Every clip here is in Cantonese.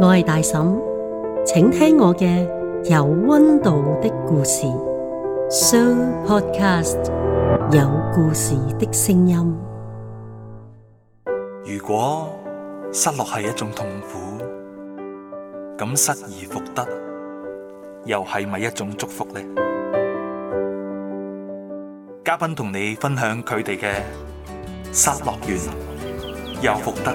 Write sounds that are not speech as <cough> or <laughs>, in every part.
我係大嬸，請聽我嘅有溫度的故事。Show Podcast 有故事的聲音。如果失落係一種痛苦，咁失而復得又係咪一種祝福呢？嘉賓同你分享佢哋嘅失落完又復得。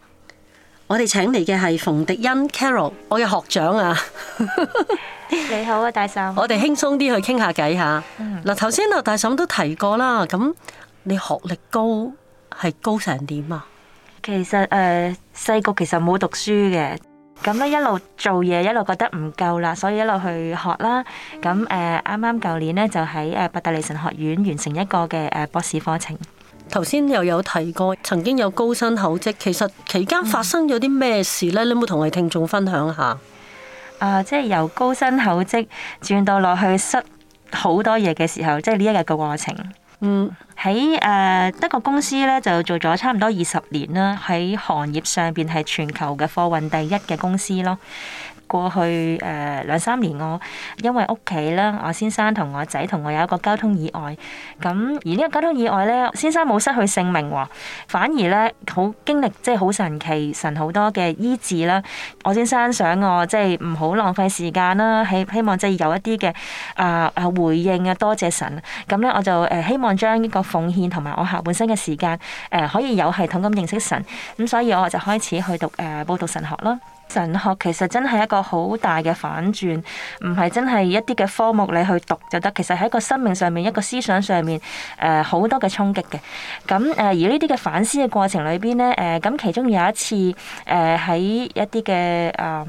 我哋請嚟嘅係馮迪恩 Carol，我嘅學長啊， <laughs> 你好啊大嫂。我哋輕鬆啲去傾下偈吓。嗱、嗯，頭先啊大嬸都提過啦，咁你學歷高係高成點啊？其實誒，細、呃、個其實冇讀書嘅，咁咧一路做嘢一路覺得唔夠啦，所以一路去學啦。咁誒，啱啱舊年咧就喺誒伯大利神學院完成一個嘅誒博士課程。頭先又有提過，曾經有高薪厚職，其實期間發生咗啲咩事呢？你有冇同我哋聽眾分享下？誒、呃，即係由高薪厚職轉到落去失好多嘢嘅時候，即係呢一日嘅過程。嗯，喺誒、呃、德國公司呢，就做咗差唔多二十年啦，喺行業上面係全球嘅貨運第一嘅公司咯。過去誒兩三年，我因為屋企啦，我先生同我仔同我有一個交通意外，咁而呢個交通意外咧，先生冇失去性命喎，反而咧好經歷即係好神奇，神好多嘅醫治啦。我先生想我即係唔好浪費時間啦，希希望即係有一啲嘅啊啊回應啊，多謝神。咁咧我就誒希望將呢個奉獻同埋我下半生嘅時間誒，可以有系統咁認識神。咁所以我就開始去讀誒報讀神學啦。神學其實真係一個好大嘅反轉，唔係真係一啲嘅科目你去讀就得，其實喺一個生命上面，一個思想上面，誒、呃、好多嘅衝擊嘅。咁誒、呃、而呢啲嘅反思嘅過程裏邊呢，誒、呃、咁其中有一次誒喺、呃、一啲嘅誒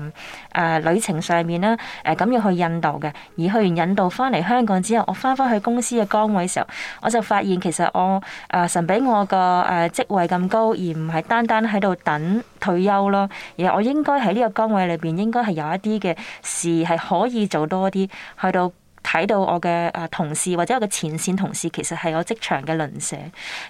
誒旅程上面啦，誒、呃、咁要去印度嘅，而去完印度翻嚟香港之後，我翻返去公司嘅崗位時候，我就發現其實我誒、呃、神俾我個誒職位咁高，而唔係單單喺度等。退休咯，而我應該喺呢個崗位裏邊，應該係有一啲嘅事係可以做多啲，去到。睇到我嘅啊同事或者我嘅前線同事其實係我職場嘅鄰舍，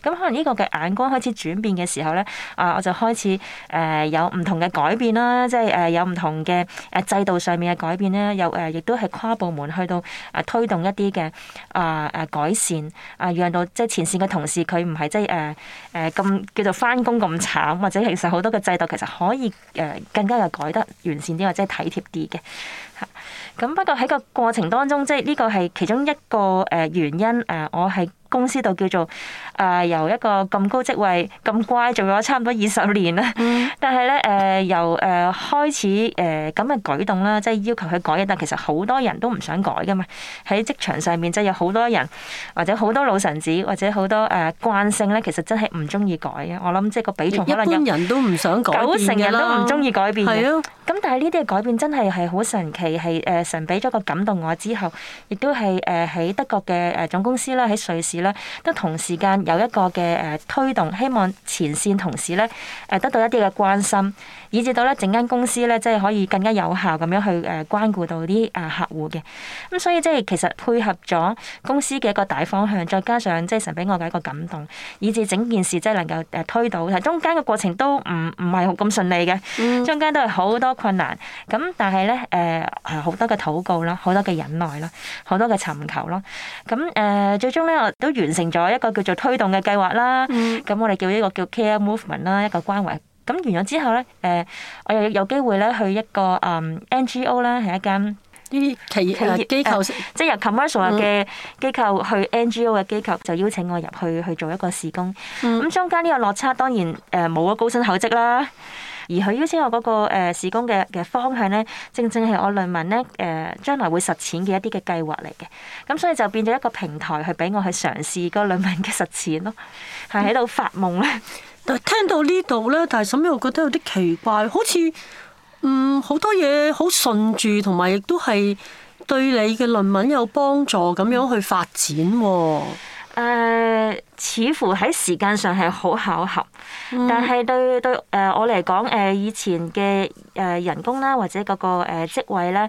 咁可能呢個嘅眼光開始轉變嘅時候咧，啊我就開始誒有唔同嘅改變啦，即係誒有唔同嘅誒制度上面嘅改變啦，又誒亦都係跨部門去到啊推動一啲嘅啊啊改善啊，讓到即係前線嘅同事佢唔係即係誒誒咁叫做翻工咁慘，或者其實好多嘅制度其實可以誒更加嘅改得完善啲或者體貼啲嘅嚇。咁不過喺個過程當中，即係呢個係其中一個誒、呃、原因誒、呃，我係。公司度叫做誒、呃、由一個咁高職位，咁乖做咗差唔多二十年啦，嗯、但係咧誒由誒開始誒咁嘅舉動啦，即係要求佢改嘢，但其實好多人都唔想改嘅嘛。喺職場上面即係有好多人或者好多老臣子或者好多誒慣、呃、性咧，其實真係唔中意改啊，我諗即係個比重可能一般人都唔想改，九成人都唔中意改變嘅。咁、啊、但係呢啲嘅改變真係係好神奇，係誒神俾咗個感動我之後亦都係誒喺德國嘅誒總公司啦，喺瑞士。都同時間有一個嘅誒推動，希望前線同事咧誒得到一啲嘅關心，以至到咧整間公司咧即係可以更加有效咁樣去誒關顧到啲誒客戶嘅。咁、嗯、所以即係其實配合咗公司嘅一個大方向，再加上即係神俾我嘅一個感動，以至整件事即係能夠誒推到。但中間嘅過程都唔唔係咁順利嘅，嗯、中間都係好多困難。咁但係咧誒好多嘅禱告啦，好多嘅忍耐啦，好多嘅尋求咯。咁誒、呃、最終咧我都。完成咗一個叫做推動嘅計劃啦，咁、嗯、我哋叫呢個叫 Care Movement 啦，一個關懷。咁完咗之後咧，誒、呃，我又有機會咧去一個誒 N G O 啦，係、嗯、一間啲企業企業機構，即係由 commercial 嘅機構去 N G O 嘅機構，嗯、就邀請我入去去做一個事工。咁、嗯、中間呢個落差當然誒冇咗高薪厚職啦。而佢邀請我嗰個誒事工嘅嘅方向咧，正正係我論文咧誒將來會實踐嘅一啲嘅計劃嚟嘅，咁所以就變咗一個平台去俾我去嘗試個論文嘅實踐咯，係喺度發夢咧、嗯。但聽到呢度咧，但係沈又覺得有啲奇怪，好似嗯好多嘢好順住，同埋亦都係對你嘅論文有幫助咁樣去發展喎。似乎喺時間上係好巧合，但係對對誒我嚟講誒以前嘅誒人工啦，或者嗰個誒職位咧，誒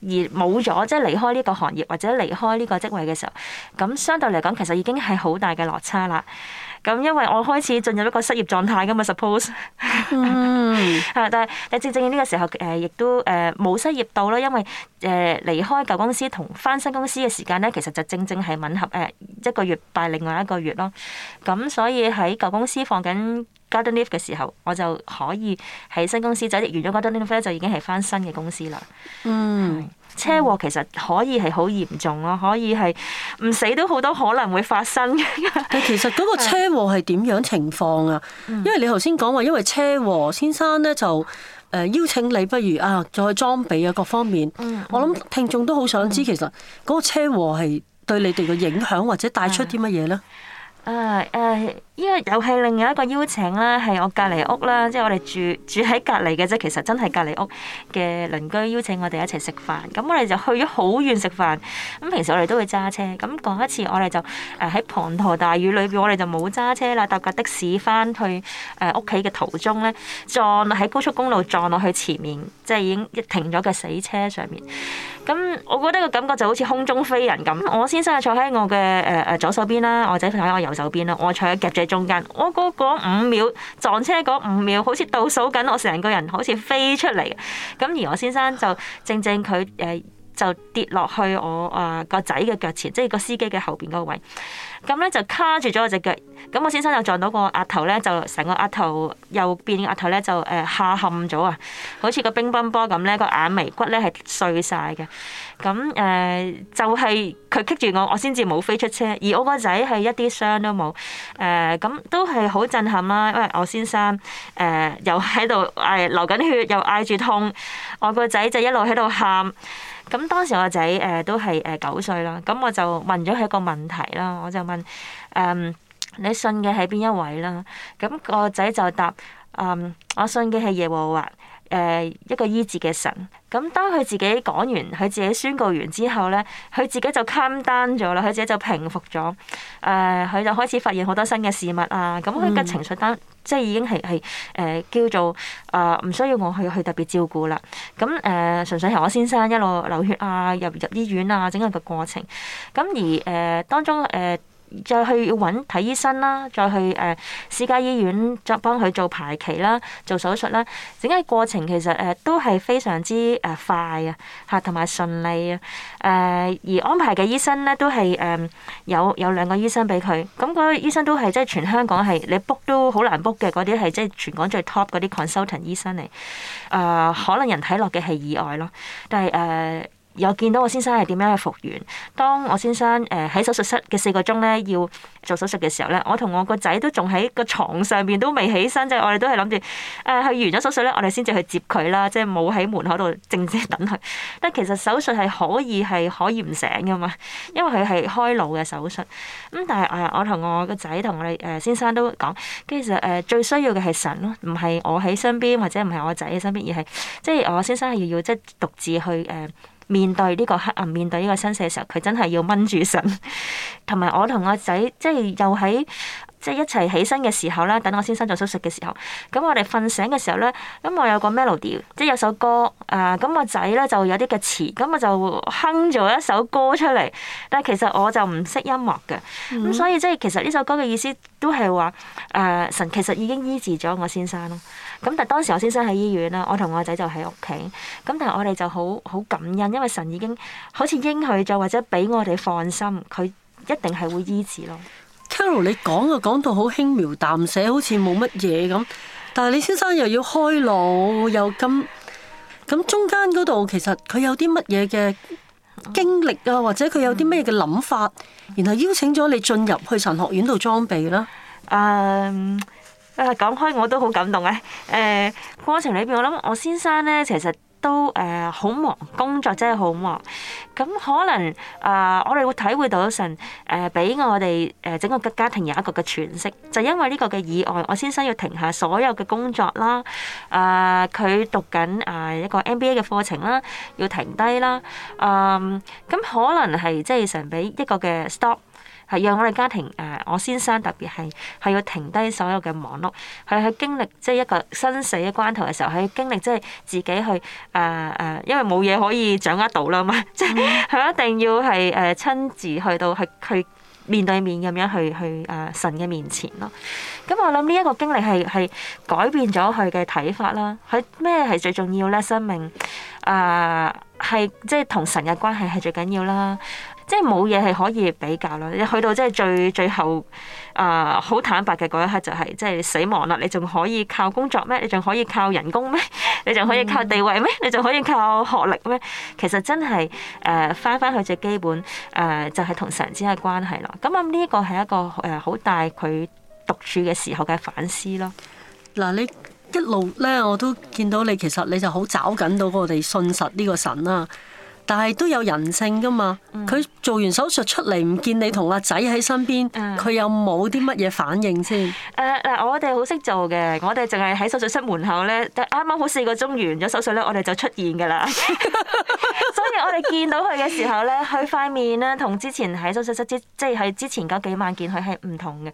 而冇咗即係離開呢個行業或者離開呢個職位嘅時候，咁相對嚟講其實已經係好大嘅落差啦。咁因為我開始進入一個失業狀態㗎嘛，suppose，係，但係但正正呢個時候誒，亦都誒冇失業到啦，因為誒離開舊公司同返新公司嘅時間咧，其實就正正係吻合誒一個月拜另外一個月咯。咁所以喺舊公司放緊 garden leave 嘅時候，我就可以喺新公司就完咗 garden leave 咧，就已經係返新嘅公司啦。嗯。Mm. 車禍其實可以係好嚴重咯，可以係唔死都好多可能會發生。但其實嗰個車禍係點樣情況啊？因為你頭先講話，因為車禍，先生呢就誒邀請你，不如啊再去裝備啊各方面。我諗聽眾都好想知，其實嗰個車禍係對你哋嘅影響或者帶出啲乜嘢呢？啊誒，依個、uh, uh, 又係另外一個邀請啦，係我隔離屋啦，即係我哋住住喺隔離嘅啫。其實真係隔離屋嘅鄰居邀請我哋一齊食飯，咁我哋就去咗好遠食飯。咁平時我哋都會揸車，咁嗰一次我哋就誒喺滂沱大雨裏邊，我哋就冇揸車啦，搭架的士翻去誒屋企嘅途中咧，撞喺高速公路撞落去前面，即係已經停咗嘅死車上面。咁我覺得個感覺就好似空中飛人咁。我先生就坐喺我嘅誒誒左手邊啦，或者我仔坐喺我右手邊囉，我坐喺夾仔中間，我嗰五秒撞車嗰五秒，好似倒數緊，我成個人好似飛出嚟咁，而我先生就正正佢誒。呃就跌落去我啊、uh, 個仔嘅腳前，即係個司機嘅後邊嗰位咁咧，就卡住咗我隻腳。咁我先生就撞到個額頭咧，就成個額頭右邊個額頭咧就誒、uh, 下陷咗啊，好似個乒乓波咁咧。個眼眉骨咧係碎晒嘅。咁誒、uh, 就係佢棘住我，我先至冇飛出車。而我個仔係一啲傷都冇誒，咁、uh, 都係好震撼啦。因為，我先生誒、uh, 又喺度誒流緊血，又嗌住痛。我個仔就一路喺度喊。咁當時我仔誒都係誒九歲啦，咁我就問咗佢一個問題啦，我就問誒、嗯、你信嘅係邊一位啦？咁個仔就答誒、嗯、我信嘅係耶和華。誒一個醫治嘅神，咁當佢自己講完，佢自己宣告完之後咧，佢自己就 calm down 咗啦，佢自己就平復咗，誒、呃、佢就開始發現好多新嘅事物啊，咁佢嘅情緒單即係已經係係誒叫做啊唔、呃、需要我去去特別照顧啦，咁誒、呃、純粹係我先生一路流血啊，入入醫院啊，整個個過程，咁、啊、而誒、呃、當中誒。呃再去揾睇醫生啦，再去誒私家醫院再幫佢做排期啦，做手術啦，整個過程其實誒、呃、都係非常之誒快啊，同埋順利啊，誒、呃、而安排嘅醫生咧都係誒、呃、有有兩個醫生俾佢。咁、那個醫生都係即係全香港係你 book 都好難 book 嘅嗰啲係即係全港最 top 嗰啲 consultant 醫生嚟。啊、呃、可能人睇落嘅係意外咯，但係誒。呃有見到我先生係點樣去復原。當我先生誒喺手術室嘅四個鐘咧，要做手術嘅時候咧，我同我個仔都仲喺個床上邊都未起身啫、就係呃。我哋都係諗住誒，去完咗手術咧，我哋先至去接佢啦，即係冇喺門口度靜靜等佢。但其實手術係可以係可以唔醒噶嘛，因為佢係開腦嘅手術咁。但係誒，我同我個仔同我哋誒先生都講，其實誒最需要嘅係神咯，唔係我喺身邊或者唔係我仔喺身邊，而係即係我先生係要即係獨自去誒。呃面對呢個黑暗，面對呢個生死嘅時候，佢真係要掹住神。同埋我同我仔，即係又喺即係一齊起身嘅時候啦，等我先生做手術嘅時候，咁我哋瞓醒嘅時候咧，咁我有個 melody，即係有首歌，啊、呃，咁我仔咧就有啲嘅詞，咁我就哼咗一首歌出嚟。但係其實我就唔識音樂嘅，咁、嗯、所以即係其實呢首歌嘅意思都係話，誒、呃、神其實已經醫治咗我先生咯。咁但係當時我先生喺醫院啦，我同我仔就喺屋企。咁但係我哋就好好感恩，因為神已經好似應許就或者俾我哋放心，佢一定係會醫治咯。Carol，你講啊，講到好輕描淡寫，好似冇乜嘢咁。但係你先生又要開腦，又咁，咁中間嗰度其實佢有啲乜嘢嘅經歷啊，或者佢有啲咩嘅諗法，然後邀請咗你進入去神學院度裝備啦、啊。嗯。Um, 誒講開我都好感動啊！誒過程裏邊，我諗我先生咧，其實都誒好忙，工作真係好忙。咁可能啊、呃，我哋會體會到神誒俾、呃、我哋誒整個嘅家庭有一個嘅喘息，就是、因為呢個嘅意外，我先生要停下所有嘅工作啦。啊、呃，佢讀緊啊一個 MBA 嘅課程啦，要停低啦。嗯、呃，咁可能係即係神俾一個嘅 stop。係讓我哋家庭誒，我先生特別係係要停低所有嘅忙碌，佢去經歷即係、就是、一個生死嘅關頭嘅時候，佢經歷即係自己去誒誒、呃，因為冇嘢可以掌握到啦嘛，即係佢一定要係誒、呃、親自去到係去，去面對面咁樣去去誒神嘅面前咯。咁我諗呢一個經歷係係改變咗佢嘅睇法啦。佢咩係最重要咧？生命啊，係即係同神嘅關係係最緊要啦。即係冇嘢係可以比較啦，你去到即係最最後啊，好、呃、坦白嘅嗰一刻就係、是、即係死亡啦。你仲可以靠工作咩？你仲可以靠人工咩？你仲可以靠地位咩？你仲可以靠學歷咩？其實真係誒翻翻去最基本誒、呃、就係、是、同神之間嘅關係啦。咁啊呢一個係一個誒好大佢獨處嘅時候嘅反思咯。嗱，你一路咧我都見到你其實你就好找緊到我哋信實呢個神啦、啊。但係都有人性噶嘛？佢、嗯、做完手術出嚟唔見你同阿仔喺身邊，佢又冇啲乜嘢反應先？誒嗱、嗯呃，我哋好識做嘅，我哋淨係喺手術室門口咧，啱啱好四個鐘完咗手術咧，我哋就出現㗎啦。 <laughs> <laughs> 所以我哋見到佢嘅時候咧，佢塊面咧同之前喺手術室之，即係喺之前嗰幾晚見佢係唔同嘅。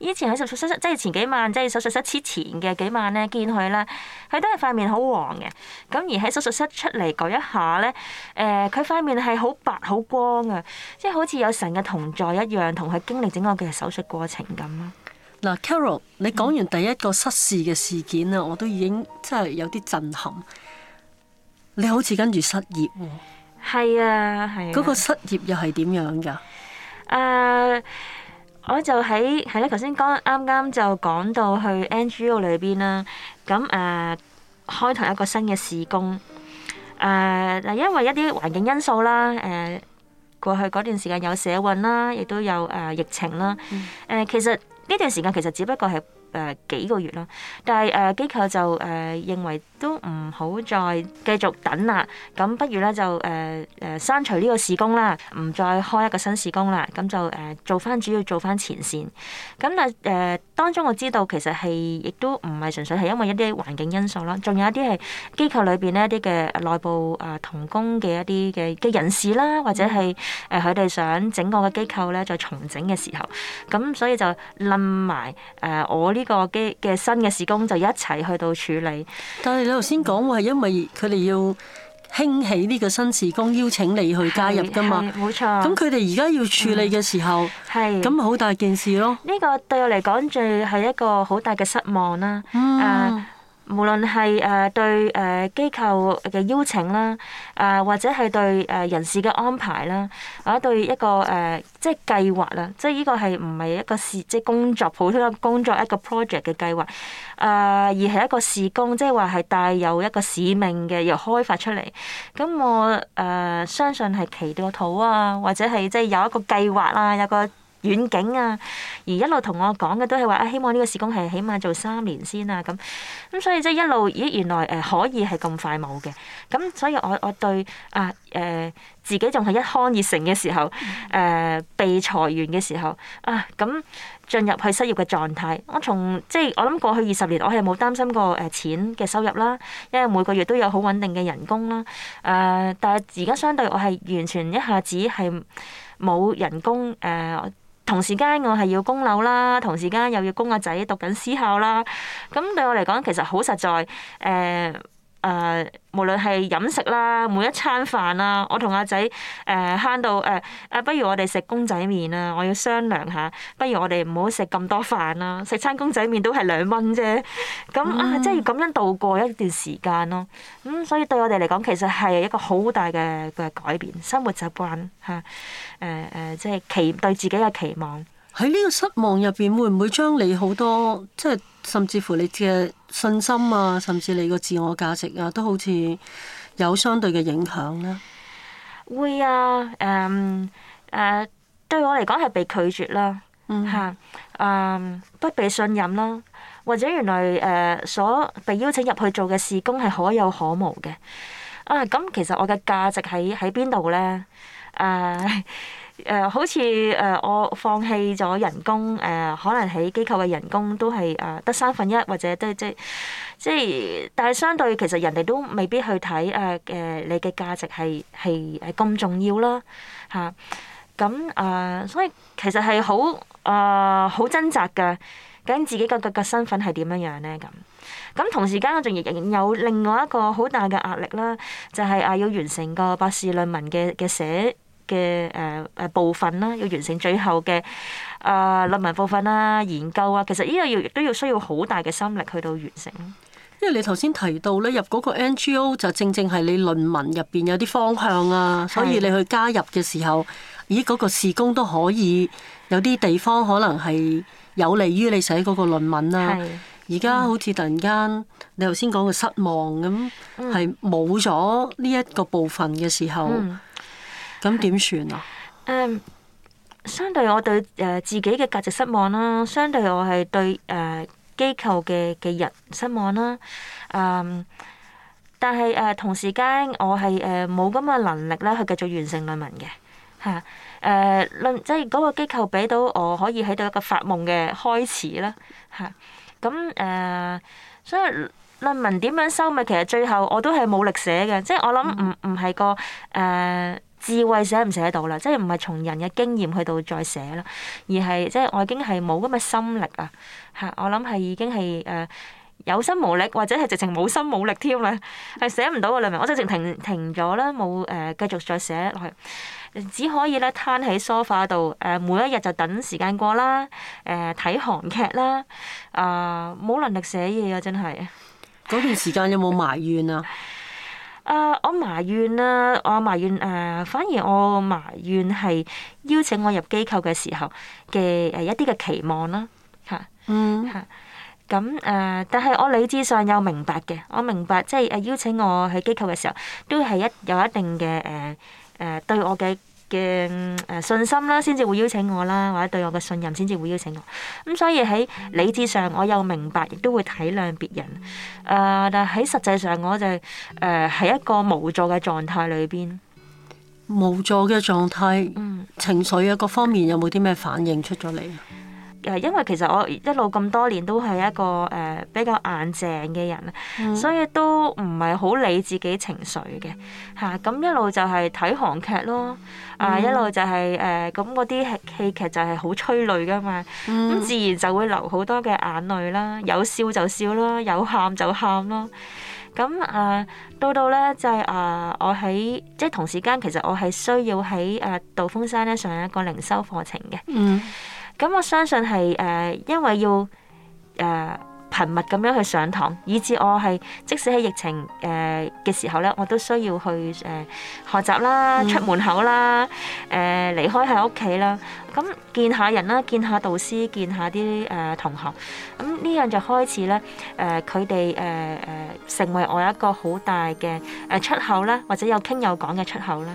以前喺手術室，即係前幾晚，即係手術室之前嘅幾晚咧，見佢咧，佢都係塊面好黃嘅。咁而喺手術室出嚟嗰一下咧，誒、呃，佢塊面係好白好光啊，即係好似有神嘅同在一樣，同佢經歷整個嘅手術過程咁咯。嗱，Carol，你講完第一個失事嘅事件啊，我都已經真係有啲震撼。你好似跟住失業喎。係、嗯、啊，係、啊。嗰個失業又係點樣噶？誒、啊。我就喺係啦，頭先講啱啱就講到去 NGO 裏邊啦，咁誒、呃、開頭一個新嘅事工，誒、呃、嗱，因為一啲環境因素啦，誒、呃、過去嗰段時間有社運啦，亦都有誒、呃、疫情啦，誒、呃、其實呢段時間其實只不過係誒、呃、幾個月啦，但係誒、呃、機構就誒、呃、認為，都唔好再繼續等啦，咁不如咧就誒誒刪除呢個事工啦，唔再開一個新事工啦，咁就誒、呃、做翻主要做翻前線，咁但誒、呃、當中我知道其實係亦都唔係純粹係因為一啲環境因素啦，仲有一啲係機構裏邊呢一啲嘅內部誒同工嘅一啲嘅嘅人士啦，或者係誒佢哋想整個嘅機構咧再重整嘅時候，咁所以就冧埋誒我呢個機嘅新嘅事工就一齊去到處理。對。你頭先講話係因為佢哋要興起呢個新事工，邀請你去加入㗎嘛？冇錯。咁佢哋而家要處理嘅時候，係咁好大件事咯。呢個對我嚟講，最係一個好大嘅失望啦、啊。誒、嗯。無論係誒對誒機構嘅邀請啦，啊或者係對誒人事嘅安排啦，或者對一個誒、呃、即係計劃啦，即係呢個係唔係一個事，即係工作，普通嘅工作一個 project 嘅計劃啊、呃，而係一個事工，即係話係帶有一個使命嘅，又開發出嚟。咁我誒、呃、相信係祈到土啊，或者係即係有一個計劃啊，有個。遠景啊！而一路同我講嘅都係話、啊、希望呢個時工係起碼做三年先啊，咁。咁所以即係一路咦，原來誒、呃、可以係咁快冇嘅。咁所以我我對啊誒、呃、自己仲係一腔熱誠嘅時候，誒、呃、被裁員嘅時候啊，咁進入去失業嘅狀態。我從即係我諗過去二十年，我係冇擔心過誒、呃、錢嘅收入啦，因為每個月都有好穩定嘅人工啦。誒、呃，但係而家相對我係完全一下子係冇人工誒。呃呃同時間我係要供樓啦，同時間又要供阿仔讀緊私校啦，咁對我嚟講其實好實在誒。呃誒、呃，無論係飲食啦，每一餐飯啦，我同阿仔誒慳到誒、呃，啊，不如我哋食公仔麵啦，我要商量下，不如我哋唔好食咁多飯啦，食餐公仔麵都係兩蚊啫，咁啊，即係要咁樣度過一段時間咯。嗯，所以對我哋嚟講，其實係一個好大嘅嘅改變，生活習慣嚇，誒、啊、誒、呃，即係期對自己嘅期望喺呢個失望入邊，會唔會將你好多即係？甚至乎你嘅信心啊，甚至你個自我價值啊，都好似有相對嘅影響啦。會啊，誒、呃、誒、呃，對我嚟講係被拒絕啦，吓、嗯，誒、呃、不被信任啦，或者原來誒、呃、所被邀請入去做嘅事工係可有可無嘅。啊、呃，咁其實我嘅價值喺喺邊度咧？誒。呃誒、呃、好似誒、呃，我放棄咗人工誒、呃，可能喺機構嘅人工都係誒得三分一，或者即即即，但係相對其實人哋都未必去睇誒誒，你嘅價值係係係咁重要啦嚇。咁啊，啊，所以其實係好誒好掙扎噶，究竟自己個個，個身份係點樣呢樣咧？咁咁同時間我仲亦仍有另外一個好大嘅壓力啦，就係、是、啊要完成個博士論文嘅嘅寫。嘅誒誒部分啦，要完成最後嘅啊論文部分啦、研究啊，其實呢個要都要需要好大嘅心力去到完成。因為你頭先提到咧，入嗰個 NGO 就正正係你論文入邊有啲方向啊，是所以你去加入嘅時候，咦嗰個時工都可以有啲地方可能係有利於你寫嗰個論文啦、啊。而家是好似突然間、嗯、你頭先講嘅失望咁，係冇咗呢一個部分嘅時候。嗯咁點算啊？誒、嗯，相對我對誒自己嘅價值失望啦，相對我係對誒、呃、機構嘅嘅人失望啦。誒、嗯，但係誒、呃、同時間我係誒冇咁嘅能力咧去繼續完成論文嘅嚇。誒論即係嗰個機構俾到我可以喺度一個發夢嘅開始啦嚇。咁誒、啊呃，所以論文點樣收咪？其實最後我都係冇力寫嘅，即係我諗唔唔係個誒。呃智慧寫唔寫到啦？即係唔係從人嘅經驗去到再寫啦？而係即係我已經係冇咁嘅心力啊！嚇，我諗係已經係誒、呃、有心無力，或者係直情冇心冇力添啦，係寫唔到啊！你明？我直情停停咗啦，冇誒、呃、繼續再寫落去，只可以咧攤喺梳化度誒、呃，每一日就等時間過啦，誒、呃、睇韓劇啦，啊、呃、冇能力寫嘢啊！真係。嗰段時間有冇埋怨啊？ <laughs> Uh, 啊！我埋怨啦，我埋怨誒，反而我埋怨係邀請我入機構嘅時候嘅誒一啲嘅期望啦，啊，嚇，嗯嚇，咁誒，但係我理智上又明白嘅，我明白即係誒邀請我去機構嘅時候，都係一有一定嘅誒誒對我嘅。嘅誒信心啦，先至會邀請我啦，或者對我嘅信任先至會邀請我。咁所以喺理智上，我又明白，亦都會體諒別人。誒、呃，但喺實際上，我就誒、是、喺、呃、一個無助嘅狀態裏邊。無助嘅狀態，嗯，情緒啊，各方面有冇啲咩反應出咗嚟？因為其實我一路咁多年都係一個誒、呃、比較硬淨嘅人，嗯、所以都唔係好理自己情緒嘅嚇。咁一路就係睇韓劇咯，嗯、啊一路就係誒咁嗰啲戲劇就係好催淚㗎嘛，咁、嗯、自然就會流好多嘅眼淚啦。有笑就笑咯，有喊就喊咯。咁啊、呃，到到咧就係、是、啊、呃，我喺即係同時間，其實我係需要喺誒道風山咧上一個靈修課程嘅。嗯。咁我相信係誒，因為要誒頻密咁樣去上堂，以至我係即使喺疫情誒嘅時候咧，我都需要去誒學習啦、出門口啦、誒離開喺屋企啦，咁見下人啦、見下導師、見下啲誒同學，咁呢樣就開始咧誒，佢哋誒誒成為我一個好大嘅誒出口啦，或者有傾有講嘅出口啦。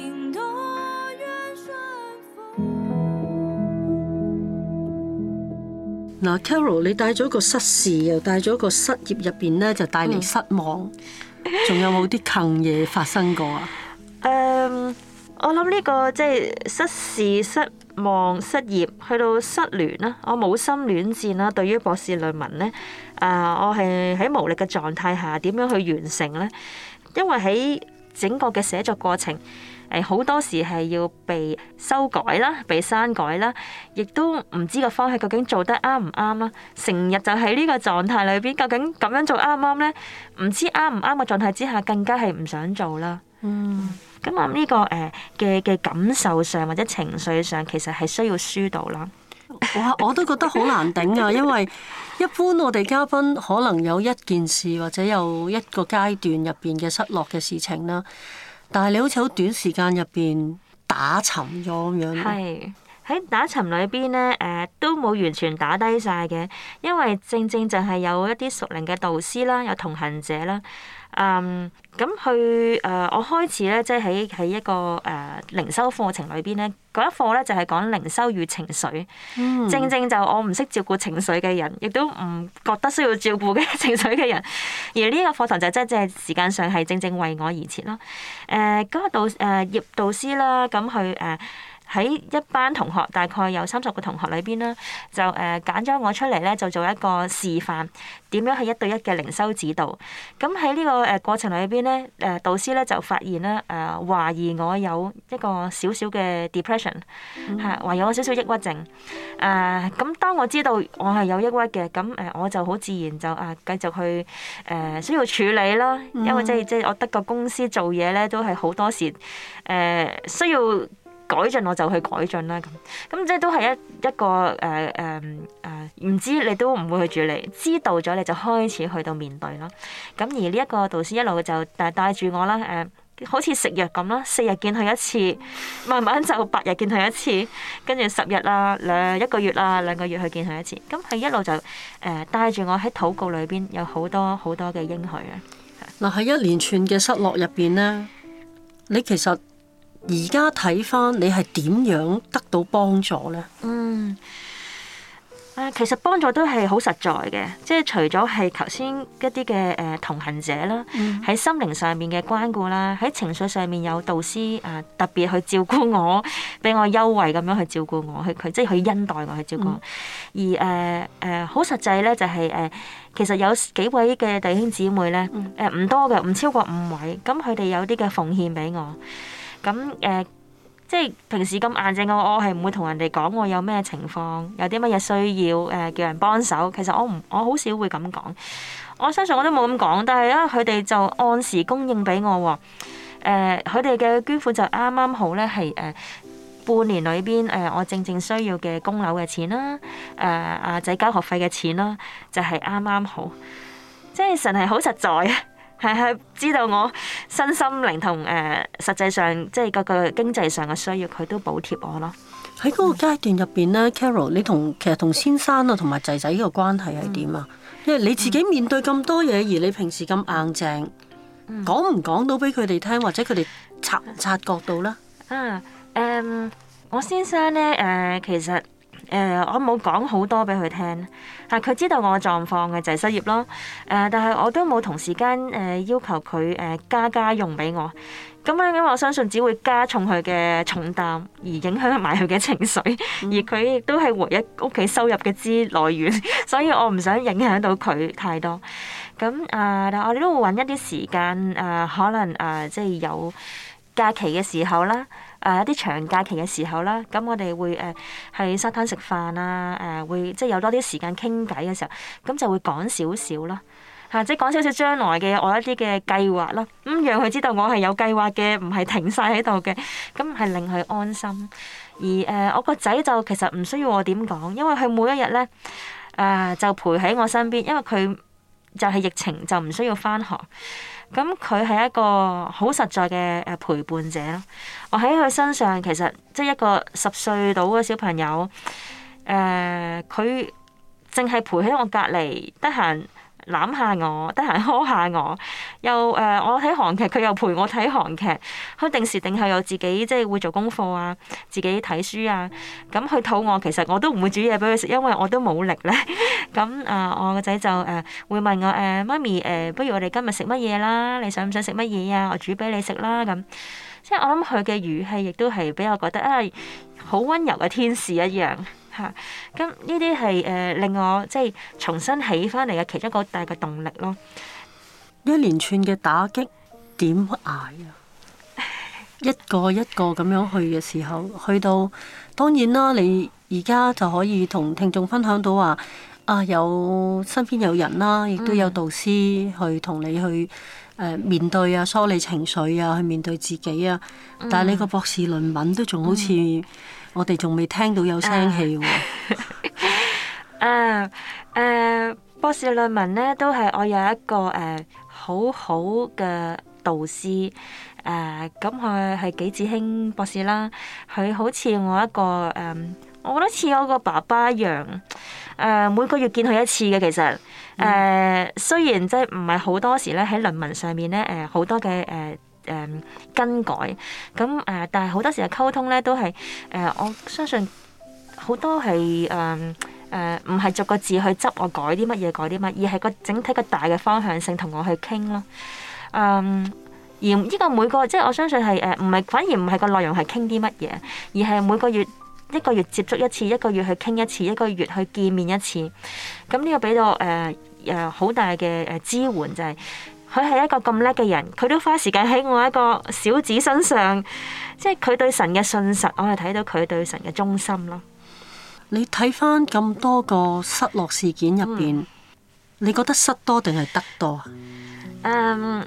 嗱，Carol，你帶咗個失事，又帶咗個失業入面，入邊咧就帶嚟失望，仲 <laughs> 有冇啲近嘢發生過啊？誒、um, 呢個，我諗呢個即係失事、失望、失業，去到失聯啦。我冇心戀戰啦。對於博士論文咧，啊，我係喺無力嘅狀態下點樣去完成咧？因為喺整個嘅寫作過程。誒好多時係要被修改啦，被刪改啦，亦都唔知個方向究竟做得啱唔啱啦。成日就喺呢個狀態裏邊，究竟咁樣做啱唔啱咧？唔知啱唔啱嘅狀態之下，更加係唔想做啦。嗯，咁啊呢個誒嘅嘅感受上或者情緒上，其實係需要輸導啦。哇！我都覺得好難頂啊， <laughs> 因為一般我哋嘉賓可能有一件事或者有一個階段入邊嘅失落嘅事情啦。但係你好似好短時間入邊打沉咗咁樣咧，係喺打沉裏邊咧，誒、呃、都冇完全打低晒嘅，因為正正就係有一啲熟齡嘅導師啦，有同行者啦。嗯，咁去誒，uh, 我開始咧，即係喺喺一個誒靈、uh, 修課程裏邊咧，嗰一課咧就係、是、講靈修與情緒，嗯、正正就我唔識照顧情緒嘅人，亦都唔覺得需要照顧嘅情緒嘅人，而呢個課堂就真、是、係、就是、時間上係正正為我而設囉。誒，嗰個導誒葉、uh, 導師啦，咁去誒。Uh, 喺一班同學，大概有三十個同學裏邊啦，就誒揀咗我出嚟咧，就做一個示範點樣係一對一嘅靈修指導。咁喺呢個誒過程裏邊咧，誒導師咧就發現咧，誒懷疑我有一個少少嘅 depression，懷疑我少少抑鬱症。誒咁、mm hmm. 啊、當我知道我係有抑鬱嘅，咁誒我就好自然就啊繼續去誒、呃、需要處理囉，因為即係即係我得個公司做嘢咧，都係好多時誒、呃、需要。改進我就去改進啦咁，咁、嗯、即係都係一一個誒誒誒，唔、呃呃、知你都唔會去處理，知道咗你就開始去到面對啦。咁、嗯、而呢一個導師一路就帶帶住我啦，誒、呃，好似食藥咁啦，四日見佢一次，慢慢就八日見佢一次，跟住十日啦，兩一個月啦，兩個月去見佢一次。咁、嗯、佢一路就誒、呃、帶住我喺禱告裏邊有好多好多嘅應許咧。嗱、嗯、喺一連串嘅失落入邊咧，你其實。而家睇翻你係點樣得到幫助咧？嗯，誒，其實幫助都係好實在嘅，即係除咗係頭先一啲嘅誒同行者啦，喺、嗯、心靈上面嘅關顧啦，喺情緒上面有導師啊、呃，特別去照顧我，俾我優惠咁樣去照顧我，去佢即係去恩待我去照顧、嗯。而誒誒，好、呃呃、實際咧，就係、是、誒、呃，其實有幾位嘅弟兄姊妹咧，誒唔、嗯呃、多嘅，唔超過五位，咁佢哋有啲嘅奉獻俾我。咁誒、呃，即係平時咁硬靜硬淨嘅我係唔會同人哋講我有咩情況，有啲乜嘢需要誒、呃、叫人幫手。其實我唔，我好少會咁講。我相信我都冇咁講，但係咧佢哋就按時供應俾我喎。佢哋嘅捐款就啱啱好咧，係誒、呃、半年裏邊誒、呃、我正正需要嘅供樓嘅錢啦，誒阿仔交學費嘅錢啦，就係啱啱好，即係神係好實在啊！係係， <laughs> 知道我身心靈同誒、呃、實際上即係個個經濟上嘅需要，佢都補貼我咯。喺嗰個階段入邊咧，Carol，你同其實同先生啊同埋仔仔嘅關係係點啊？因為、嗯、你自己面對咁多嘢，而你平時咁硬淨，嗯、講唔講到俾佢哋聽，或者佢哋察唔察覺到咧？啊誒、嗯嗯，我先生咧誒、呃，其實。誒、呃，我冇講好多俾佢聽，嚇、啊、佢知道我嘅狀況嘅就係失業咯。誒、呃，但係我都冇同時間誒、呃、要求佢誒、呃、加家用俾我，咁樣，因為我相信只會加重佢嘅重擔，而影響埋佢嘅情緒。而佢亦都係唯一屋企收入嘅資來源，所以我唔想影響到佢太多。咁啊、呃，但係我哋都會揾一啲時間誒、呃，可能誒即係有假期嘅時候啦。誒、呃、一啲長假期嘅時候啦，咁我哋會誒喺沙灘食飯啊，誒會即係有多啲時間傾偈嘅時候，咁、嗯呃呃嗯、就會講少少啦，嚇、啊、即係講少少將來嘅我一啲嘅計劃啦，咁、嗯、讓佢知道我係有計劃嘅，唔係停晒喺度嘅，咁、嗯、係令佢安心。而誒、呃、我個仔就其實唔需要我點講，因為佢每一日咧誒就陪喺我身邊，因為佢就係疫情就唔需要返學。咁佢係一個好實在嘅誒陪伴者咯。我喺佢身上，其實即係一個十歲到嘅小朋友，誒佢淨係陪喺我隔離，得閒。攬下我，得閒呵下我，又誒、呃，我睇韓劇，佢又陪我睇韓劇，佢定時定候又自己即係會做功課啊，自己睇書啊，咁佢肚餓，其實我都唔會煮嘢俾佢食，因為我都冇力咧。咁 <laughs> 啊、呃，我個仔就誒、呃、會問我誒、呃，媽咪誒、呃，不如我哋今日食乜嘢啦？你想唔想食乜嘢啊？我煮俾你食啦。咁即係我諗佢嘅語氣亦都係比較覺得啊，好、哎、溫柔嘅天使一樣。咁呢啲係誒令我即係重新起翻嚟嘅其中一個大嘅動力咯。一連串嘅打擊點捱啊！一個一個咁樣去嘅時候，去到當然啦，你而家就可以同聽眾分享到話啊，有身邊有人啦，亦都有導師、嗯、去同你去誒、呃、面對啊，梳理情緒啊，去面對自己啊。但係你個博士論文都仲好似。嗯嗯我哋仲未聽到有聲氣喎。誒博士論文咧都係我有一個誒、uh, 好好嘅導師誒，咁佢係幾子興博士啦。佢好似我一個誒，我覺得似我個爸爸一樣誒，每個月見佢一次嘅其實，誒，雖然即係唔係好多時咧喺論文上面咧誒，好多嘅誒。誒、嗯、更改咁誒、嗯，但係好多時嘅溝通咧，都係誒、呃，我相信好多係誒誒，唔、嗯、係、呃、逐個字去執我改啲乜嘢，改啲乜，而係個整體個大嘅方向性同我去傾咯。嗯、而呢個每個即係我相信係誒，唔、呃、係反而唔係個內容係傾啲乜嘢，而係每個月一個月接觸一次，一個月去傾一次，一個月去見面一次。咁、嗯、呢、呢個俾到誒誒好大嘅誒支援就係、係。佢係一個咁叻嘅人，佢都花時間喺我一個小子身上，即係佢對神嘅信實，我係睇到佢對神嘅忠心咯。你睇返咁多個失落事件入邊，嗯、你覺得失多定係得多啊？誒，um,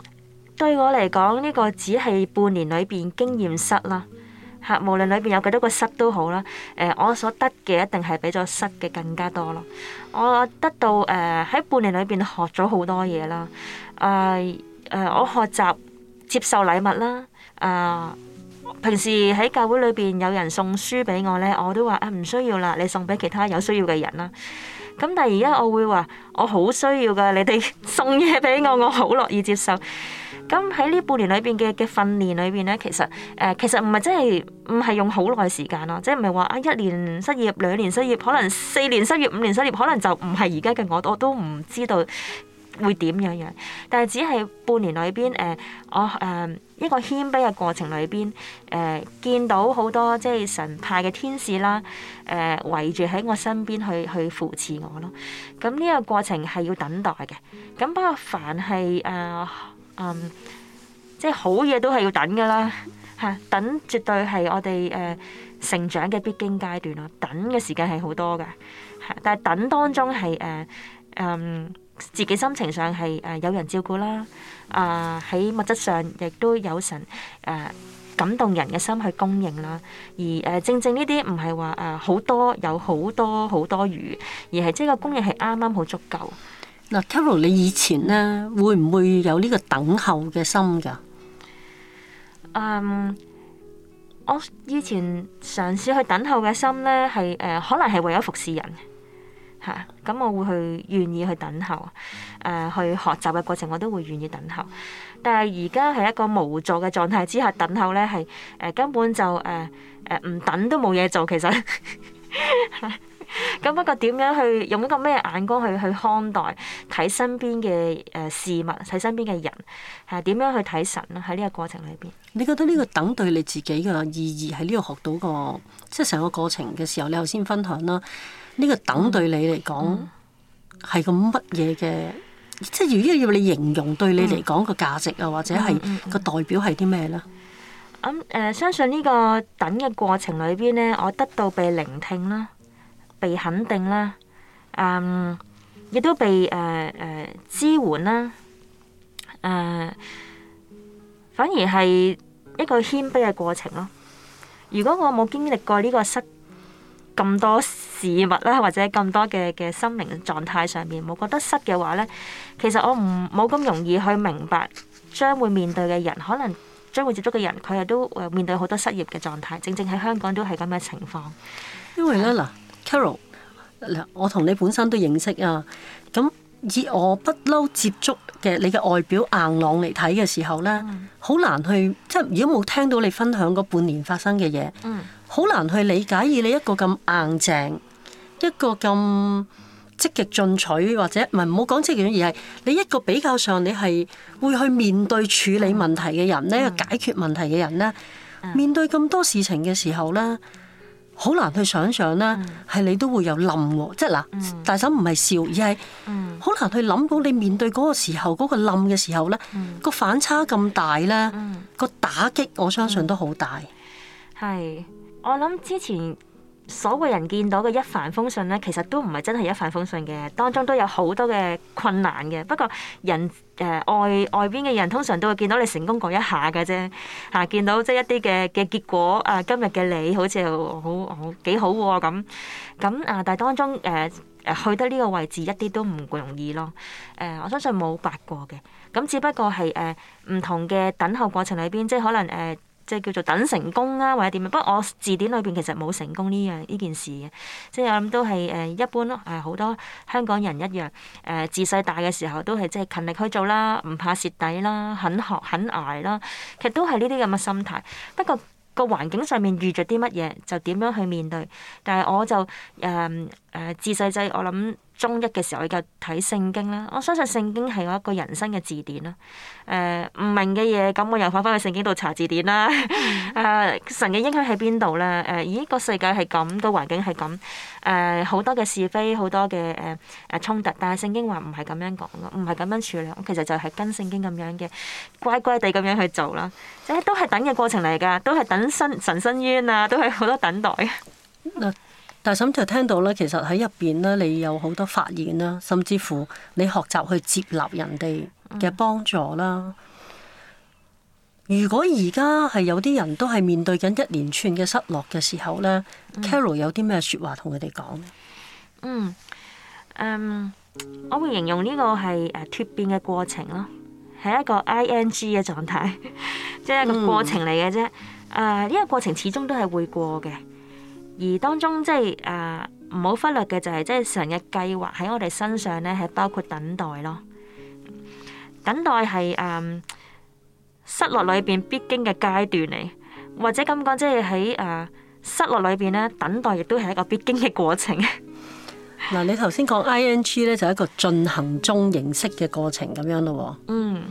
對我嚟講，呢、呢個只係半年裏邊經驗失啦。嚇，無論裏邊有幾多個失都好啦。誒，我所得嘅一定係比咗失嘅更加多咯。我得到誒喺、uh, 半年裏邊學咗好多嘢啦。誒誒、呃，我學習接受禮物啦。誒、呃，平時喺教會裏邊有人送書俾我咧，我都話啊唔需要啦，你送俾其他有需要嘅人啦。咁但係而家我會話，我好需要㗎，你哋 <laughs> 送嘢俾我，我好樂意接受。咁喺呢半年裏邊嘅嘅訓練裏邊咧，其實誒、呃，其實唔係真係唔係用好耐時間咯，即係唔係話啊一年失業兩年失業，可能四年失業五年失業，可能就唔係而家嘅我，我都唔知道。會點樣樣？但係只係半年裏邊誒，我誒、呃、一個謙卑嘅過程裏邊誒，見到好多即係神派嘅天使啦，誒、呃、圍住喺我身邊去去扶持我咯。咁、這、呢個過程係要等待嘅。咁不過，凡係誒嗯，即係好嘢都係要等㗎啦，吓，等絕對係我哋誒、呃、成長嘅必經階段咯。等嘅時間係好多嘅，但係等當中係誒、呃、嗯。自己心情上係誒有人照顧啦，啊喺物質上亦都有神誒、啊、感動人嘅心去供應啦，而誒、啊、正正呢啲唔係話誒好多有好多好多餘，而係即係個供應係啱啱好足夠。嗱、啊、Carol，你以前咧會唔會有呢個等候嘅心㗎？嗯，um, 我以前嘗試去等候嘅心咧，係誒、啊、可能係為咗服侍人。嚇！咁、嗯、我會去願意去等候，誒、呃、去學習嘅過程我都會願意等候。但係而家係一個無助嘅狀態之下，等候咧係誒根本就誒誒唔等都冇嘢做。其實，咁、 <laughs> 嗯嗯、不過點樣去用一個咩眼光去去看待睇身邊嘅誒事物，睇身邊嘅人係點、啊、樣去睇神咧？喺呢個過程裏邊，你覺得呢個等對你自己嘅意義喺呢度學到個即係成個過程嘅時候，你頭先分享啦。呢個等對你嚟講係個乜嘢嘅？即係如果要你形容，對你嚟講個價值啊，嗯、或者係個代表係啲咩呢？咁誒、嗯呃，相信呢個等嘅過程裏邊呢，我得到被聆聽啦，被肯定啦，嗯，亦都被誒誒、呃呃、支援啦，誒、呃，反而係一個謙卑嘅過程咯。如果我冇經歷過呢個失，咁多事物啦，或者咁多嘅嘅心靈狀態上面冇覺得失嘅話咧，其實我唔冇咁容易去明白將會面對嘅人，可能將會接觸嘅人，佢又都會面對好多失業嘅狀態，正正喺香港都係咁嘅情況，因為咧嗱是，Carol，我同你本身都認識啊。咁以我不嬲接觸嘅你嘅外表硬朗嚟睇嘅時候咧，好、嗯、難去即係如果冇聽到你分享嗰半年發生嘅嘢。嗯好難去理解，以你一個咁硬淨，一個咁積極進取，或者唔係唔好講積極進取，而係你一個比較上，你係會去面對處理問題嘅人咧，解決問題嘅人咧，面對咁多事情嘅時候咧，好難去想像咧，係你都會有冧喎。即係嗱，大嫂唔係笑，而係好難去諗到你面對嗰個時候嗰個冧嘅時候咧，個反差咁大咧，個打擊我相信都好大，係。我諗之前所有人見到嘅一帆風順咧，其實都唔係真係一帆風順嘅，當中都有好多嘅困難嘅。不過人誒、呃、外外邊嘅人通常都會見到你成功過一下嘅啫，吓、啊、見到即係一啲嘅嘅結果。誒、啊、今日嘅你好似又好好，好幾好咁、啊、咁啊！但係當中誒誒、呃、去得呢個位置一啲都唔容易咯。誒、呃、我相信冇白過嘅，咁只不過係誒唔同嘅等候過程裏邊，即係可能誒。呃即係叫做等成功啦、啊，或者點樣？不過我字典裏邊其實冇成功呢樣呢件事嘅，即係我諗都係誒一般咯。誒好多香港人一樣誒、呃、自細大嘅時候都係即係勤力去做啦，唔怕蝕底啦，肯學肯捱啦。其實都係呢啲咁嘅心態。不過個環境上面遇着啲乜嘢，就點樣去面對。但係我就誒誒、呃呃、自細就係，我諗。中一嘅時候，我就睇聖經啦。我相信聖經係我一個人生嘅字典啦。誒、呃、唔明嘅嘢，咁我又翻返去聖經度查字典啦。誒、呃、神嘅影響喺邊度咧？誒咦個世界係咁，個環境係咁。誒、呃、好多嘅是非，好多嘅誒誒衝突，但係聖經話唔係咁樣講咯，唔係咁樣處理。其實就係跟聖經咁樣嘅，乖乖地咁樣去做啦。即係都係等嘅過程嚟㗎，都係等新神新冤啊，都係好多等待。但係沈就聽到咧，其實喺入邊咧，你有好多發現啦，甚至乎你學習去接納人哋嘅幫助啦。嗯、如果而家係有啲人都係面對緊一連串嘅失落嘅時候咧、嗯、，Carol 有啲咩説話同佢哋講？嗯，誒、um,，我會形容呢個係誒脱變嘅過程咯，係一個 ing 嘅狀態，即 <laughs> 係一個過程嚟嘅啫。誒、嗯，因為、啊這個、過程始終都係會過嘅。而當中即係誒唔好忽略嘅就係、是、即係成日計劃喺我哋身上咧，係包括等待咯。等待係誒失落裏邊必經嘅階段嚟，或者咁講，即係喺誒失落裏邊咧，等待亦都係一個必經嘅過程。嗱， <laughs> 你頭先講 ING 咧，就係一個進行中形式嘅過程咁樣咯。嗯。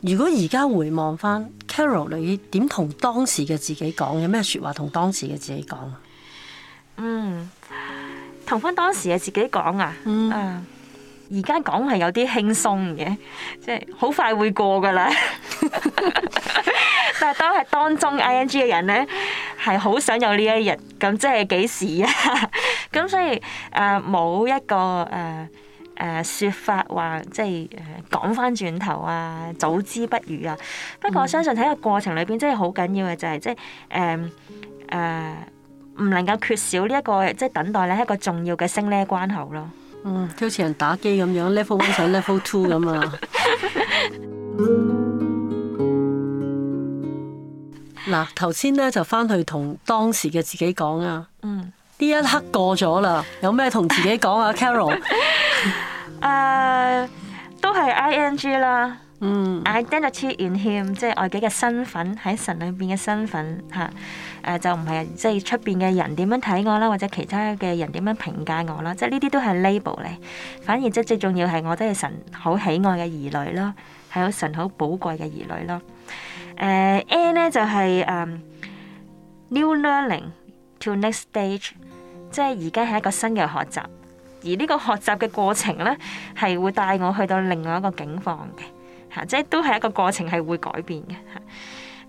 如果而家回望翻 Carol，你點同當時嘅自己講？有咩説話同當時嘅自己講？嗯，同返當時嘅自己講啊，啊、嗯，而家講係有啲輕鬆嘅，即係好快會過㗎喇。 <laughs> 但係當係當中 I N G 嘅人咧，係好想有呢一日，咁即係幾時啊？咁 <laughs> 所以誒冇、呃、一個誒誒説法話，即係誒講返轉頭啊，早知不如啊。不過我相信喺個過程裏邊，真係好緊要嘅就係、是、即係誒誒。呃呃唔能夠缺少呢一個即係等待咧一個重要嘅升呢一個關口咯。嗯，就好似人打機咁樣 level one 上 level two 咁啊。嗱，頭先咧就翻去同當時嘅自己講啊。嗯。呢一刻過咗啦，有咩同自己講啊，Carol？誒，都係 ing 啦。嗯。Identity in him，即係我嘅嘅身份喺神裏邊嘅身份嚇。誒、呃、就唔係即係出邊嘅人點樣睇我啦，或者其他嘅人點樣評價我啦，即係呢啲都係 label 咧。反而即最重要係我真係神好喜愛嘅兒女咯，係好神好寶貴嘅兒女咯。誒 N 咧就係、是 um, new learning to next stage，即係而家係一個新嘅學習，而呢個學習嘅過程咧係會帶我去到另外一個境況嘅嚇，即係都係一個過程係會改變嘅嚇。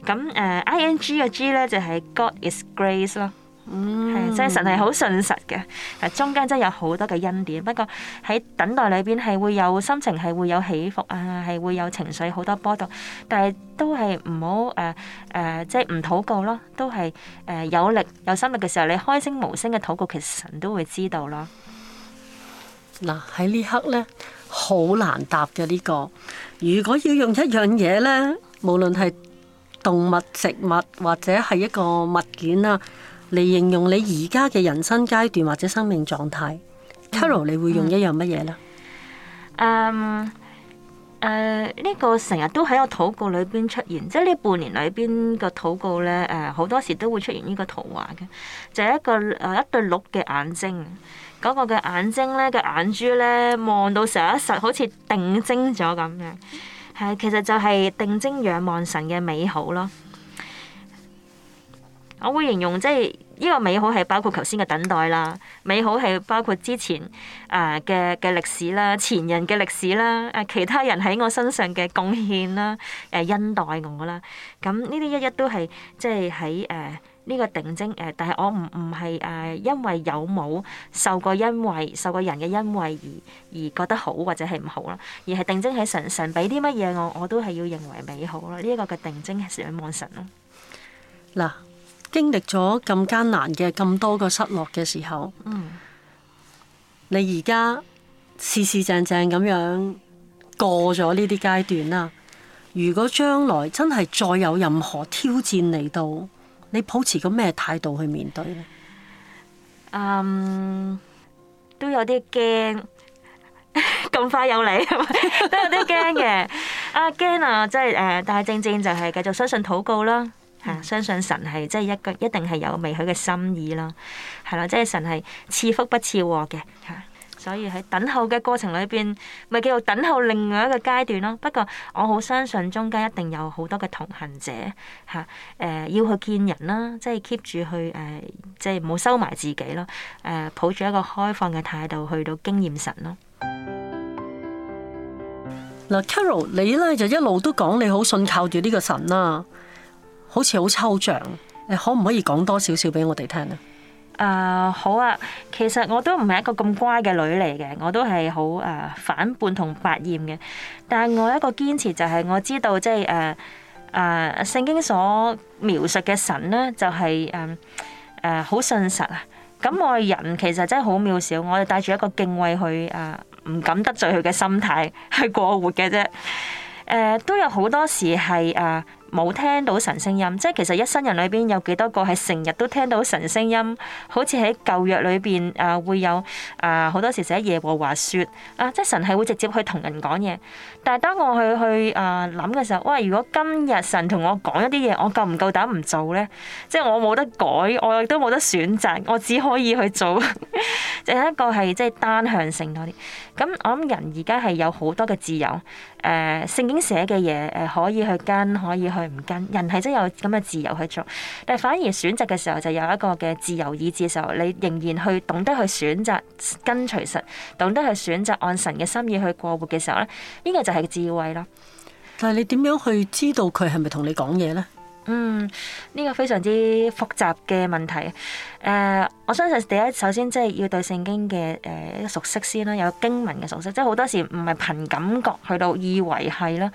咁誒，I N G 嘅 G 咧就係、係、God is Grace 咯，係即係神係好信實嘅。誒中間真係有好多嘅恩典，不過喺等待裏邊係會有心情係會有起伏啊，係會有情緒好多波動，但係都係唔好誒誒，即係唔禱告咯。都係誒、uh, 有力有心力嘅時候，你開聲無聲嘅禱告，其實神都會知道咯。嗱喺呢刻咧，好難答嘅呢、呢個。如果要用一樣嘢咧，無論係。動物、植物或者係一個物件啊，嚟形容你而家嘅人生階段或者生命狀態。Carlo 你會用一樣乜嘢呢嗯？嗯，誒、嗯、呢、這個成日都喺我禱告裏邊出現，即係呢半年裏邊個禱告呢，誒好多時都會出現呢個圖畫嘅，就係、是、一個誒一對綠嘅眼睛，嗰、那個嘅眼睛呢，嘅、那個、眼珠呢，望到成一實，好似定睛咗咁樣。係、啊，其實就係定睛仰望神嘅美好咯。我會形容即係呢個美好係包括頭先嘅等待啦，美好係包括之前誒嘅嘅歷史啦，前人嘅歷史啦，誒、啊、其他人喺我身上嘅貢獻啦，誒、啊、恩待我啦。咁呢啲一一都係即係喺誒。就係呢個定睛誒，但係我唔唔係誒，因為有冇受過恩惠，受過人嘅恩惠而而覺得好或者係唔好啦，而係定睛喺神，神俾啲乜嘢我，我都係要認為美好啦。呢、這、一個嘅定睛係望神咯。嗱，經歷咗咁艱難嘅咁多個失落嘅時候，嗯，你而家事事正正咁樣過咗呢啲階段啦。如果將來真係再有任何挑戰嚟到，你抱持個咩態度去面對咧？嗯，um, 都有啲驚，咁 <laughs> 快有你， <laughs> 都有啲驚嘅。啊驚啊，即係誒，但係正正就係繼續相信禱告啦，吓、嗯、相信神係即係一個一定係有美好嘅心意啦，係啦、啊，即、就、係、是、神係賜福不賜禍嘅吓。所以喺等候嘅過程裏邊，咪叫做等候另外一個階段咯。不過我好相信中間一定有好多嘅同行者嚇，誒、呃、要去見人啦，即係 keep 住去誒、呃，即係唔好收埋自己咯，誒、呃、抱住一個開放嘅態度去到經驗神咯。嗱，Carol，你咧就一路都講你好信靠住呢個神啦、啊，好似好抽象，你可唔可以講多少少俾我哋聽啊？啊，uh, 好啊！其實我都唔係一個咁乖嘅女嚟嘅，我都係好啊反叛同發厭嘅。但係我一個堅持就係我知道即係誒誒聖經所描述嘅神呢，就係誒誒好信實啊。咁我人其實真係好渺小，我哋帶住一個敬畏去啊，唔、uh, 敢得罪佢嘅心態去過活嘅啫。誒、uh, 都有好多時係啊。Uh, 冇聽到神聲音，即係其實一生人裏邊有幾多個係成日都聽到神聲音？好似喺舊約裏邊啊、呃，會有啊好、呃、多時寫耶和華説啊，即係神係會直接去同人講嘢。但係當我去去啊諗嘅時候，哇、呃！如果今日神同我講一啲嘢，我夠唔夠膽唔做咧？即係我冇得改，我亦都冇得選擇，我只可以去做，就係一個係即係單向性多啲。咁我諗人而家係有好多嘅自由，誒、呃、聖經寫嘅嘢誒可以去跟，可以去。佢唔跟人係真有咁嘅自由去做，但係反而選擇嘅時候就有一個嘅自由意志嘅時候，你仍然去懂得去選擇跟隨神，懂得去選擇按神嘅心意去過活嘅時候咧，呢個就係智慧咯。但係你點樣去知道佢係咪同你講嘢呢？嗯，呢、這個非常之複雜嘅問題，誒、呃，我相信第一首先即係要對聖經嘅誒、呃、熟悉先啦，有經文嘅熟悉，即係好多時唔係憑感覺去到以為係啦。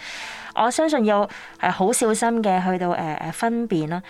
我相信要係好、呃、小心嘅去到誒誒、呃、分辨啦。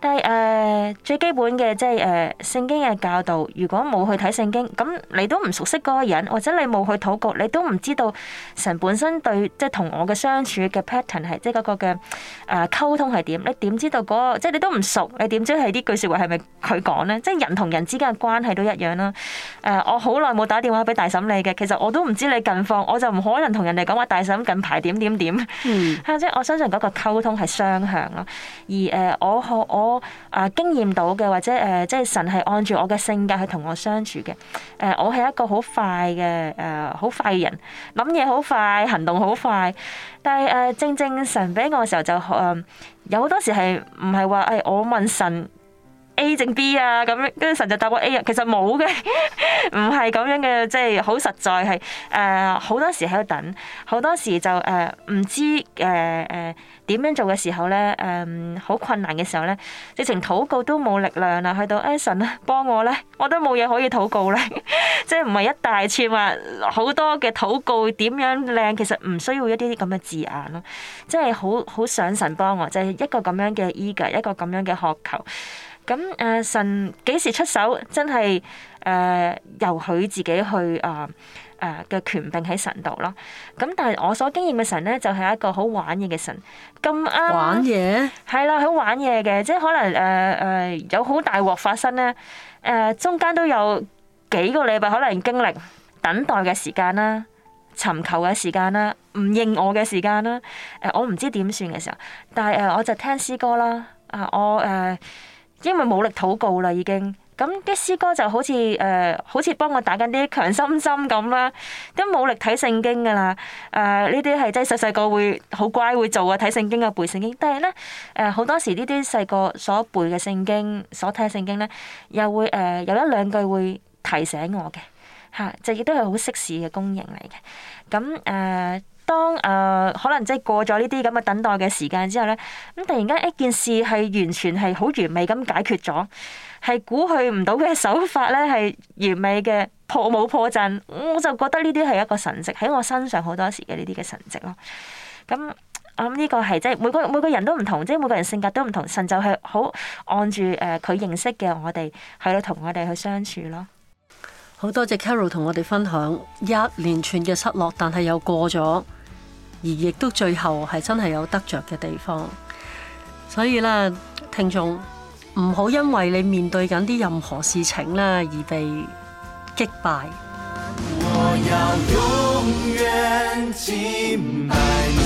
但係誒、呃、最基本嘅即係誒聖經嘅教導，如果冇去睇聖經，咁你都唔熟悉嗰個人，或者你冇去禱告，你都唔知道神本身對即係同我嘅相處嘅 pattern 係即係、就、嗰、是、個嘅誒、呃、溝通係點？你點知道嗰、那個即係、就是、你都唔熟？你點知係呢句説話係咪佢講咧？即、就、係、是、人同人之間嘅關係都一樣啦。誒、呃，我好耐冇打電話俾大嬸你嘅，其實我都唔知你近況，我就唔可能同人哋講話大嬸近排點點點。嗯，即係我相信嗰個溝通係雙向咯。而誒、呃、我我。我啊，經驗到嘅，或者誒、呃，即係神係按住我嘅性格去同我相處嘅。誒、呃，我係一個好快嘅，誒、呃、好快嘅人，諗嘢好快，行動好快。但係誒、呃，正正神俾我嘅時候就誒、呃，有好多時係唔係話誒，我問神。A 正 B 啊，咁跟住神就答我 A 啊、 <laughs> 呃呃呃呃呃哎。 <laughs> 其實冇嘅，唔係咁樣嘅，即係好實在係誒好多時喺度等，好多時就誒唔知誒誒點樣做嘅時候咧，誒好困難嘅時候咧，直情禱告都冇力量啦。去到 A 神咧幫我咧，我都冇嘢可以禱告咧，即係唔係一大串話好多嘅禱告點樣靚？其實唔需要一啲啲咁嘅字眼咯，即係好好想神幫我，就係、是、一個咁樣嘅 Eager，一個咁樣嘅渴求。咁誒、嗯、神幾時出手？真係誒、呃、由佢自己去啊誒嘅權柄喺神度咯。咁但係我所經驗嘅神咧，就係、是、一個好玩嘢嘅神。咁、嗯、啱玩嘢係啦，好、嗯、玩嘢嘅，即係可能誒誒、呃呃、有好大鑊發生咧。誒、呃、中間都有幾個禮拜，可能經歷等待嘅時間啦、尋求嘅時間啦、唔應我嘅時間啦。誒、呃、我唔知點算嘅時候，但係、呃、誒我就聽詩歌啦。啊我誒。呃呃呃呃呃因為冇力禱告啦，已經咁啲詩歌就好似誒、呃，好似幫我打緊啲強心針咁啦。都冇力睇聖經噶啦，誒呢啲係真係細細個會好乖會做啊，睇聖經啊，背聖經。但係咧誒，好、呃、多時呢啲細個所背嘅聖經，所睇嘅聖經咧，又會誒、呃、有一兩句會提醒我嘅嚇、啊，就亦都係好適時嘅供應嚟嘅咁誒，嗯呃當誒、呃、可能即係過咗呢啲咁嘅等待嘅時間之後咧，咁突然間一件事係完全係好完美咁解決咗，係估佢唔到嘅手法咧係完美嘅破冇破陣，我就覺得呢啲係一個神跡喺我身上好多時嘅呢啲嘅神跡咯。咁我諗呢個係即係每個每個人都唔同，即係每個人性格都唔同，神就係好按住誒佢認識嘅我哋去同我哋去相處咯。好多謝 Carol 同我哋分享一連串嘅失落，但係又過咗。而亦都最後係真係有得着嘅地方，所以咧，聽眾唔好因為你面對緊啲任何事情咧而被擊敗。我